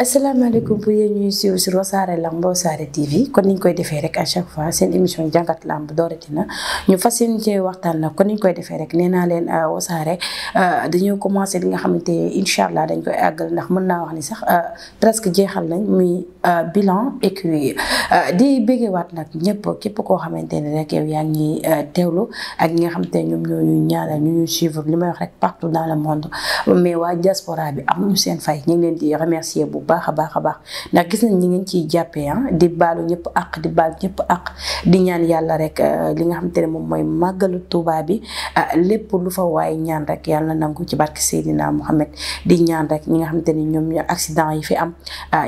asalaamaaleykum bu yéen ñuy siiw si Wassare Lamb Wassare TV kon niñ koy defee rek à chaque fois seen émission jàngat lamb doorati na ñu fas yéene cee waxtaan nag kon niñ koy defee rek nee naa leen euh, Wassare euh, dañoo commencé li nga xamante incha allah dañ koy àggal ndax mën naa wax ni sax euh, presque jeexal nañ muy. Euh, bilan écurie euh, di béggewaat nag ñëpp képp koo xamante ne rek yow yaa ngi euh, teewlu ak ñi nga xamante ne ñoom ñoo ñu ñu ñu li may wax rek partout dans le monde mais waa diaspora bi amuñu seen fay ñu ngi leen di remercier bu baax a baax a baax ndax gis nañ ñi ciy jàppee ah di baalu ñëpp ak di baalu ñëpp ak di ñaan yàlla rek li nga xamante ne moom mooy màggalu Tuubaa bi lépp lu fa waaye yàlla nangu ci barke Seydina Mohamed di ñaan rek ñi nga xamante ne ñoom accident yi fi am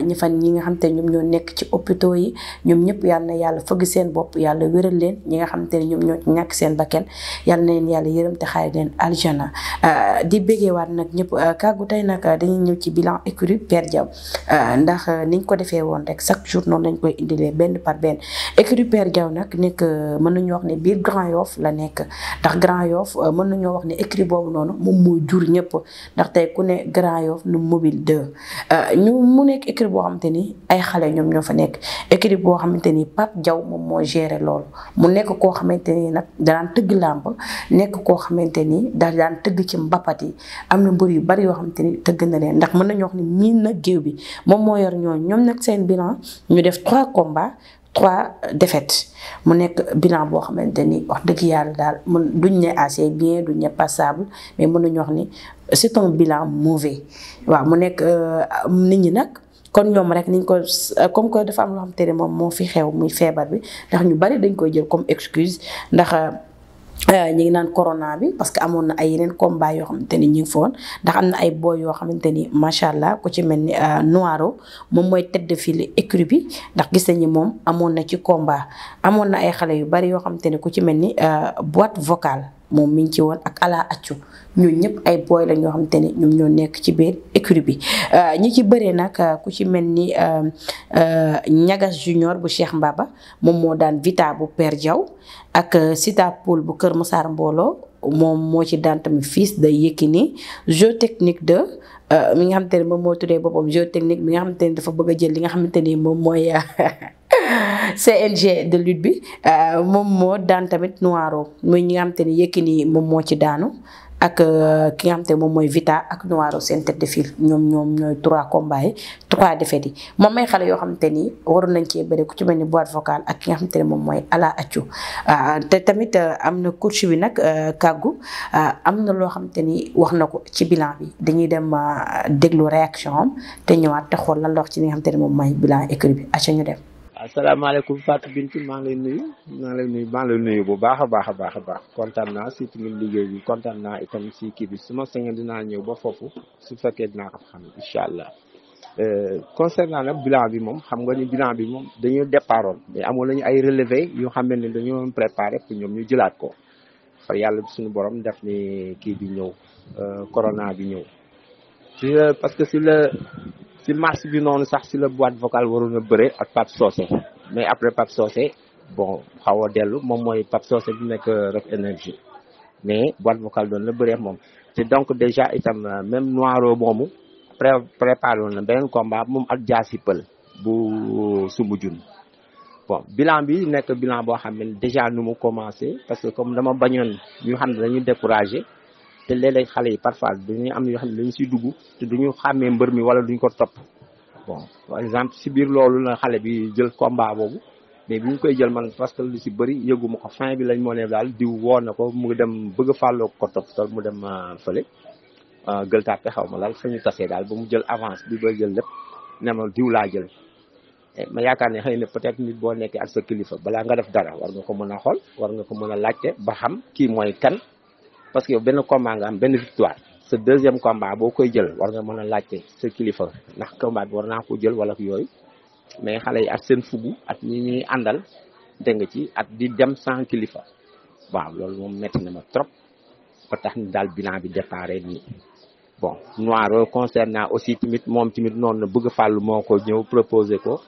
ñi fan ñi nga xam xamante ne ñoom ñoo nekk ci hôpitaux yi ñoom ñëpp yàlla na yàlla fëgg seen bopp yàlla wéral leen ñi nga xamante ne ñoom ñoo ñàkk seen bakkan yàlla na leen yàlla yërëm te xaari leen aljana ah, di béggeewaat nag ñëpp ah, kàggu tey nag dañuy ñëw ci bilan écurie Père Diaw ah, ndax niñ ko defee woon rek chaque jour noonu lañ koy indilee benn par benn écurie Père Diaw nag nekk mën nañu wax ne biir Grand Yoff la nekk ndax Grand Yoff mën nañoo wax ne écurie boobu noonu moom moo jur ñëpp ndax tey ku ne Grand Yoff nu mobile 2 boo xamante ni ay xale ñoom ñoo fa nekk équipe boo xamante ni Pape Diaw moom moo géré loolu mu nekk koo xamante ni nag daan tëgg làmb nekk koo xamante ni daal daan tëgg ci mbapat yi am na mbër yu bari yoo xamante ni tëgg na leen ndax mën nañu wax ni miin na géew bi moom moo yor ñooñu ñoom nag seen bilan ñu def trois combats trois défaites mu nekk bilan boo xamante ni wax dëgg yàlla daal mën duñ ne assez bien duñ ne passable mais mën nañu wax ni c'est un bilan mauvais waaw mu nekk euh, nit ñi nag. kon ñoom rek niñ ko euh, comme que dafa am loo xamante ne moom moo fi xew muy feebar bi ndax ñu bari dañ koy jël comme excuse ndax euh, euh, ñi ngi naan corona bi parce que amoon na ay yeneen combat yoo xamante ni ñu ngi foon ndax am na ay boy yoo xamante ni macha allah ku ci mel ni Noiro moom mooy tête de file écurie bi ndax gis nañu moom amoon na ci combat amoon na ay xale yu bari yoo xamante ni ku ci mel ni boîte vocal moom mi ngi ci woon ak ala accu ñun ñëpp ay booy la ñoo xamante ne ñoom ñoo nekk ci biir écurie bi euh, ñi ci bëree nag euh, ku ci mel ni euh, ñagas junior bu Cheikh Mbaba moom moo daan Vita bu Père Diaw ak Sita Poul bu Kër musaar Mbooloo moom moo ci daan tamit fils de Yékini jeu technique de mi nga xamante ne moom moo tuddee boppam jeu technique mi nga xamante ne dafa bëgg a jël li nga xamante ni moom mooy CNG de lutte bi euh, moom moo daan tamit Noiro mooy ñi nga xam te ni Yékini moom moo ci daanu ak euh, ki nga xam te moom mooy Vita ak Noiro seen tête ñoom ñoom ñooy trois combats trois défaites yi moom may xale yoo xam te ni waroon nañ cee bëri ku ci mel ni boîte vocale ak ki nga xam te ne moom mooy Ala Accu euh, te tamit am na coach bi nag kàggu am na loo xam ni wax na ko ci bilan bi dañuy dem déglu réaction te ñëwaat te la wax ci li ne moom mooy bilan écrit bi acca ñu dem asalaamaaleykum Fatou Bintou maa ngi maa ngi nuyu maa ngi nuyu bu baax a baax a baax a baax kontaan naa si liggéey bi kontaan naa itam si kii bi su ma sañoon dinaa ñëw ba foofu su fekkee dinaa ko xam incha allah euh, concernant nag bilan bi moom xam nga ni bilan bi moom dañu départoon mais amoon nañu ay relevé yoo xam ne dañu doon préparé pour ñoom ñu jëlaat ko far yàlla suñu borom def ni kii bi ñëw euh, corona bi ñëw euh, parce que si la si mars bi noonu sax si la boîte vocale waroon a bëre ak Pape Socé mais après Pape Socé bon xaw a dellu moom mooy Pape Socé bi nekk rek énergie mais boîte vocale doon la bëree moom te donc déjà itam euh, même noiro moomu pré na beneen combat moom ak jaasi pël bu Soumbédioune bon bilan bi nekk bilan boo xam ne déjà nu mu commencé parce que comme dama bañoon ñu xam ne dañuy découragé te léeg-léeg xale yi parfois dañuy am yoo xam ne dañu siy dugg te du ñu xàmmee mbër mi wala duñ ko topp bon par exemple si biir loolu la xale bi jël combat boobu mais bi ñu koy jël man parce que lu si bari yëguma ko fin bi lañ moo ne daal diw woo na ko mu dem bëgg a ko topp tol mu dem euh, fële euh, gël tàppe xaw ma laal sañu tasee daal ba mu jël avance bi ba jël lépp ne ma diw laa jël eh, ma yaakaar ne xëy na peut-être nit boo nekkee ak sa kilifa balaa nga def dara war ko mën a xool war nga ko mën a laajte ba xam kii mooy kan parce que yow benn combat nga am benn victoire sa deuxième combat boo koy jël war nga mën a laajte sa kilifa ndax combat bi war naa ko jël wala yooyu mais xale yi ak seen fugu at ñi ñuy àndal dégg nga ci ak di dem sans kilifa waaw loolu moom metti na ma trop ba tax ni daal bilan bi déparé nii bon noiro concernant aussi tamit moom tamit noonu na bëgg fàllu moo ko ñëw proposé ko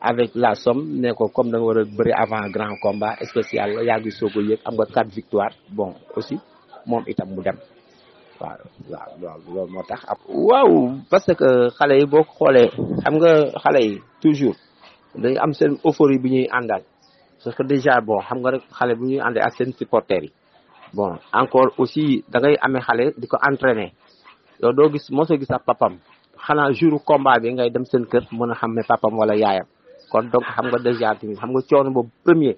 avec la somme nekko ko comme da nga war a bëri avant grand combat spécial la yàgg soog a yëg am nga quatre victoire bon aussi moom itam mu dem waaw waaw waaw moo tax ab waaw parce que xale yi boo xoolee xam nga xale yi toujours dañu am seen euphorie bi ñuy àndal parce que déjà bon xam nga rek xale bu ñuy àndee ak seen supporters yi bon encore aussi da ngay amee xale di ko entraîner yow doo gis mosoo gis ak papam xanaa jour combat bi ngay dem seen kër mën a xam ne papam wala yaayam kon donc xam nga déjà tamit xam nga coono boobu premier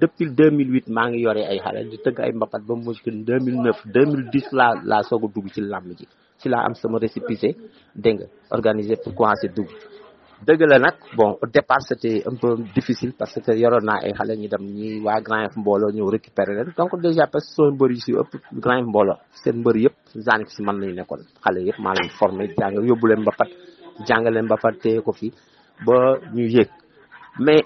depuis 2008 maa ngi yore ay xale di tëgg ay mbapat ba mu mujj 2009 2010 laa laa soog a dugg ci làmb ji ci laa am sama récépissé dégg nga organisé pour commencer dugg dëgg la nag bon au départ c'était un peu difficile parce que yoroon naa ay xale ñu dem ñi waa Grand Yoff mbooloo ñëw récupérer leen donc déjà parce que seen mbër yi si ëpp Grand Yoff mbooloo seen mbër yëpp zannik si man lañu nekkoon xale yëpp maa leen formé jàng yóbbu leen mbapat jàng leen mbapat téye ko fii ba ñu yéeg mais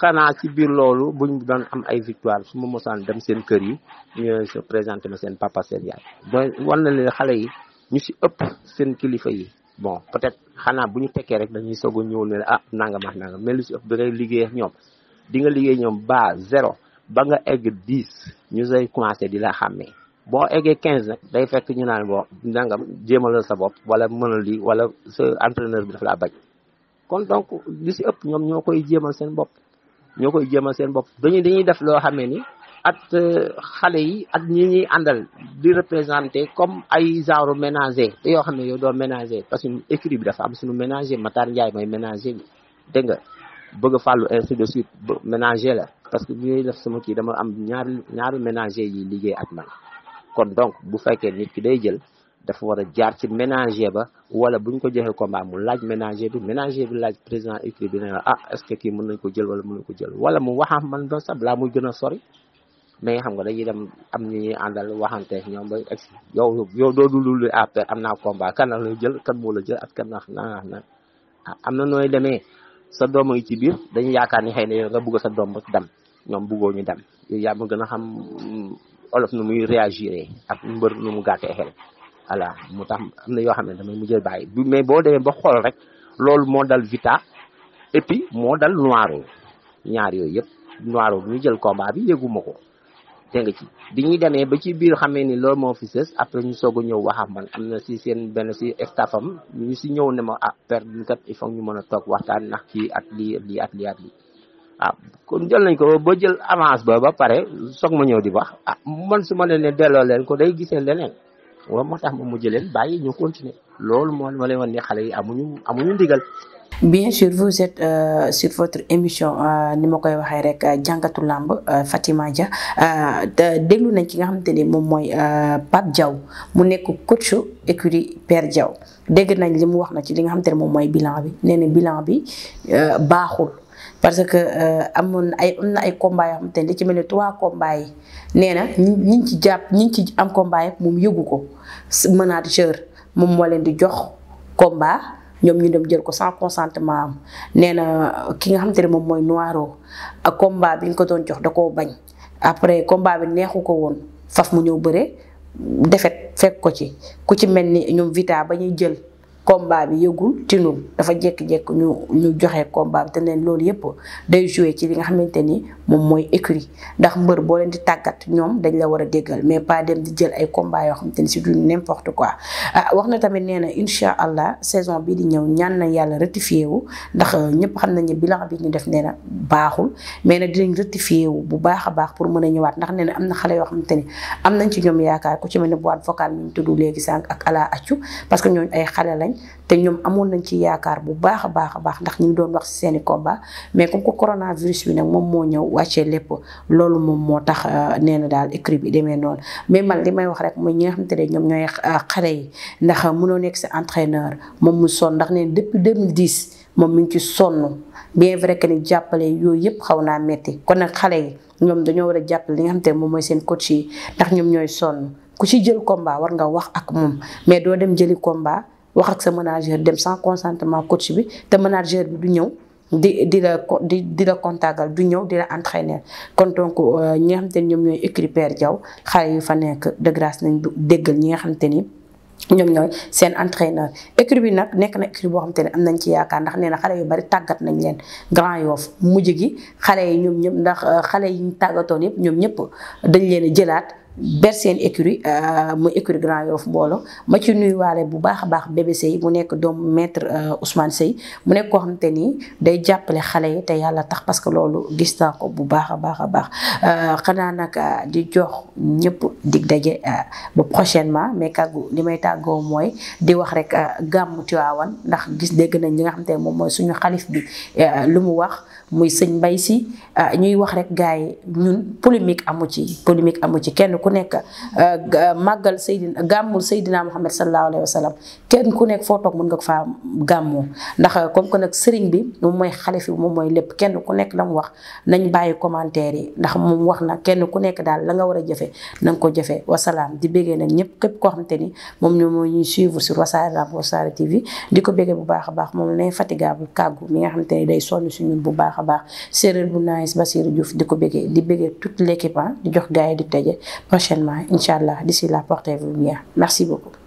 xanaa ci biir loolu buñ doon am ay victoire su ma mosaan dem seen kër yi ñu se présenté ma seen papa seen yaay donc wan na leen xale yi ñu si ëpp seen kilifa yi bon peut xanaa bu ñu tekkee rek dañuy soog ñëwul ñëw ne ah nangam ak nangam mais si ëpp da ngay liggéey ñoom di nga liggéey ñoom ba zéro ba nga egg dix ñu say commencé di la xàmmee boo eggee quinze nag day fekk ñu naan bon nangam jéemalal sa bopp wala mënal lii wala sa entraîneur bi daf laa bañ kon donc li si ëpp ñoom ñoo koy jéemal seen bopp ñoo koy jéemal seen bopp dañuy dañuy def loo xamee ni at euh, xale yi ak ñi ñuy àndal di représenter comme ay genre ménager te yoo xam ne yow doo ménager parce que écrit bi dafa am suñu ménager Matar Ndiaye mooy ménager bi dégg nga bëgg a fàllu ainsi de suite ménager la parce que bu ñuy def sama kii dama am ñaari ñaari ménager yi liggéey ak man kon donc bu fekkee nit ki day jël dafa war a jaar ci ménager ba wala bu ñu ko joxee combat mu laaj ménager bi ménager bi laaj président écrit bi ne ah est ce que mën nañ ko jël wala mën nañ ko jël wala mu waxam man doon sax balaa muy gën a sori mais xam nga dañuy dem am ñu ñuy àndal waxante ñoom ba ex yow yow doo dul am naa combat kan la lay jël kan moo la jël ak kan naa na ah am na nooy demee sa doom yi ci biir dañu yaakaar ni xëy na yooyu nga bugg sa doom ba dem ñoom buggoo ñu dem yow yaa ma gën a xam mm, olof nu muy réagir ak mbër nu mu gàttee voilà mu tax am na yoo xam ne damay mujjee bàyyi mais boo demee ba xool rek loolu moo dal Vita et puis moo dal Noiro ñaar yooyu yëpp Noiro bu ñu jël combat bi yëguma ko dégg nga ci bi ba ci biir xamee ni loolu moo fi sës après ñu soog a ñëw wax ak man am na si seen benn si staffam ñu si ñëw ne ma ah père bi kat ñu mën a toog waxtaan ndax kii at lii lii at lii at lii waaw ah, kon jël ko ba avance ba ba pare soog ma ñëw di wax ah man su leen delloo leen ko day gisee leneen. waaw moo tax ma mujj leen bàyyi ñu continuer loolu moo ma leen wan ne xale yi amuñu amuñu ndigal. bien sûr vous êtes euh, sur votre émission euh, ni ma koy waxee rek euh, jàngatu làmb euh, Fatima Dia déglu nañ ki nga xamante ni moom mooy Pape Diaw mu nekk coach écurie per Diaw dégg nañ li mu wax na ci li nga xamante ne moom mooy bilan bi nee na bilan bi baaxul. parce que euh, amoon na ay am na ay combats yoo xamante ne li ci mel ni trois combats yi nee na ñi ñu ci jàpp ñi ci am combat yëpp moom yëgu ko manager moom moo leen di jox combat ñoom ñu dem jël ko sans consentement am nee na euh, ki nga xamante ne moom mooy noiro ak euh, combat bi ñu ko doon jox da ko bañ après combat bi neexu ko woon faf mu ñëw bëre defet fekk ko ci ku ci mel ni ñoom vita ba ñuy jël. combat bi yëgul tinul dafa jékki-jékki ñu ñu joxe combat bi te neen loolu yëpp day joué ci li nga xamante ni moom mooy écurie ndax mbër boo leen di tàggat ñoom dañ la war a déggal mais pas dem di jël ay combat yoo xamante ni si du n'importe quoi ah, wax na tamit nee na incha allah saison bi di ñëw ñaan nañ yàlla rectifié wu ndax euh, ñëpp xam nañ bi bilan bi ñu def nee na baaxul mais nag dinañ rectifié bu baax a baax pour mën a ñëwaat ndax nee na am na xale yoo xamante ni am nañ ci ñoom yaakaar ku ci mel ne boîte vocale ñu tudd léegi sànq ak ala accu parce que ñooñu ay xale lañ te ñoom amoon nañ ci yaakaar bu baax a baax a baax ndax ñu ngi doon wax si seen i combat mais comme que coronavirus bi nag moom moo ñëw wàccee lépp loolu moom moo tax euh, nee na daal écrit bi demee noonu mais man li may wax rek mooy ñi nga ñoom ñooy euh, xale yi ndax mënoo nekk sa entraîneur moom mu sonn ndax nee depuis 2010 moom mi ngi ci sonn bien vrai que ni jàppale yooyu yëpp xaw naa metti kon nag xale yi ñoom dañoo war a jàppale li nga xamante ne moom mooy seen coach yi ndax ñoom ñooy sonn ku ci jël combat war nga wax ak moom mais doo dem jëli combat wax ak sa manager dem sans consentement coach bi te manager bi du ñëw di di la di di la contactal du ñëw di la entraîner kon donc euh, ñi nga ñoom ñooy écrit Père Diaw yu fa nekk de grâce nañ déggal ñi nga xamante ni ñoom ñooy seen entraîneur écrit bi nag nekk na écrit boo xamante ne am nañ ci yaakaar ndax neena na xale yu bari tàggat nañ leen Grand Yoff mujj gi xale yi ñoom ñëpp ndax euh, xale yi ñu tàggatoon yëpp ñoom ñëpp dañ leen a jëlaat ber seen écurie euh, mu écurie Grand Yoff mbooloo ma ci nuyuwaale bu baax a baax bébé Seye mu nekk doomu maître euh, Ousmane Seye mu nekk koo xamante ni day jàppale xale yi te yàlla tax parce que loolu gis naa ko bu baax a baax a baax euh, xanaa nag di jox ñëpp dig daje ba prochainement mais kàggu li may tàggoo mooy di wax rek gàmmu Tiwaawan ndax gis dégg nañ li nga xamante ne moom mooy suñu xalif bi lu mu wax muy sëñ Mbay Si ñuy wax rek gars yi ñun polémique amu ci polémique amu ci kenn ku nekk euh, màggal Seydina gàmmul Seydina Muhammad sallallahu alayhi wa sallam kenn ku nekk foo toog mën nga ko faa gàmmoo ndax euh, comme que nag sëriñ bi moom mooy xalifi bi moom mooy lépp kenn ku nekk la mu wax nañ bàyyi commentaire yi ndax moom wax na kenn ku nekk daal la nga war a jëfe na nga ko jëfe wasalaam di béggee nag ñëpp képp koo xamante ni moom ñoo moo ñuy suivre sur Wassare Lamb Wassare TV di ko béggee bu baax a baax moom l'infatigable kàggu mi nga xamante ni day sonn si bu baax a baax séeréer bu naais Basirou Diouf di ko béggee di béggee toute l'équipe ah, di jox gars di tëje prochainement, Inch'Allah. D'ici là, portez-vous bien. Merci beaucoup.